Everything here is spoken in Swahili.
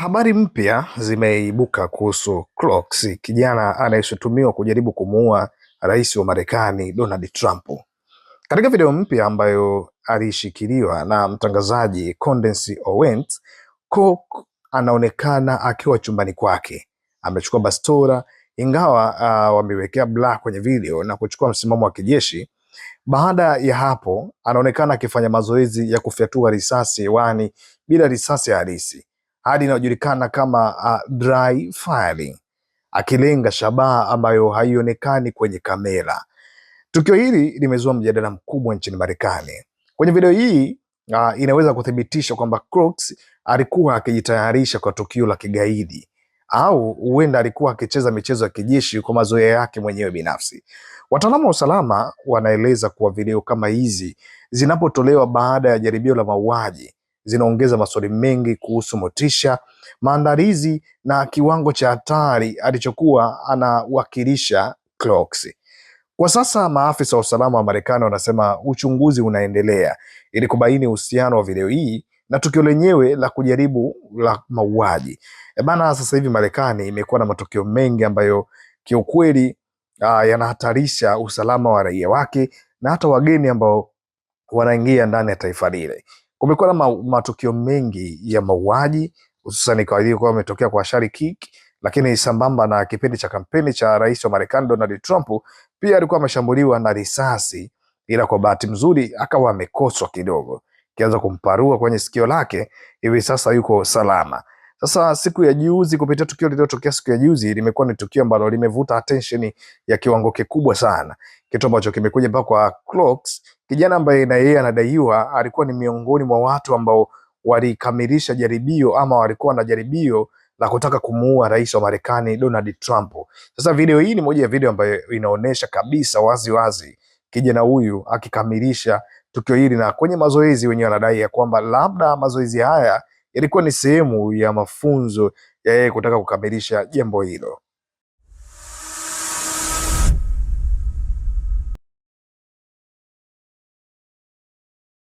Habari mpya zimeibuka kuhusu Clocks, kijana anayeshutumiwa kujaribu kumuua rais wa Marekani Donald Trump. Katika video mpya ambayo alishikiliwa na mtangazaji Candace Owens, Cook anaonekana akiwa chumbani kwake, amechukua bastola, ingawa uh, ah, wamewekea black kwenye video na kuchukua msimamo wa kijeshi. Baada ya hapo, anaonekana akifanya mazoezi ya kufyatua risasi hewani bila risasi halisi hadi inayojulikana kama uh, dry firing, akilenga shabaha ambayo haionekani kwenye kamera. Tukio hili limezua mjadala mkubwa nchini Marekani. Kwenye video hii uh, inaweza kuthibitisha kwamba Crooks alikuwa akijitayarisha kwa tukio la kigaidi au huenda alikuwa akicheza michezo ya kijeshi kwa mazoea yake mwenyewe binafsi. Wataalamu wa usalama wanaeleza kuwa video kama hizi zinapotolewa baada ya jaribio la mauaji zinaongeza maswali mengi kuhusu Motisha, maandalizi na kiwango cha hatari alichokuwa anawakilisha Clox. Kwa sasa maafisa wa usalama wa Marekani wanasema uchunguzi unaendelea ili kubaini uhusiano wa video hii na tukio lenyewe la kujaribu la mauaji. E bana, sasa hivi Marekani imekuwa na matukio mengi ambayo kiukweli uh, yanahatarisha usalama wa raia wake na hata wageni ambao wanaingia ndani ya taifa lile kumekuwa na matukio mengi ya mauaji hususan kwa ametokea kwa Ashari Kik, lakini sambamba na kipindi cha kampeni cha rais wa Marekani Donald Trump pia alikuwa ameshambuliwa na risasi, ila kwa bahati mzuri akawa amekoswa kidogo, kianza kumparua kwenye sikio lake, hivi sasa yuko salama. Sasa siku ya juzi, kupitia tukio lililotokea siku ya juzi, limekuwa ni tukio ambalo limevuta attention ya kiwango kikubwa sana, kitu ambacho kimekuja mpaka kwa Clocks Kijana ambaye na yeye anadaiwa alikuwa ni miongoni mwa watu ambao walikamilisha jaribio ama walikuwa na jaribio la kutaka kumuua rais wa Marekani Donald Trump. Sasa video hii ni moja ya video ambayo inaonyesha kabisa wazi wazi kijana huyu akikamilisha tukio hili, na kwenye mazoezi wenyewe anadai ya kwamba labda mazoezi haya yalikuwa ni sehemu ya mafunzo ya yeye kutaka kukamilisha jambo hilo.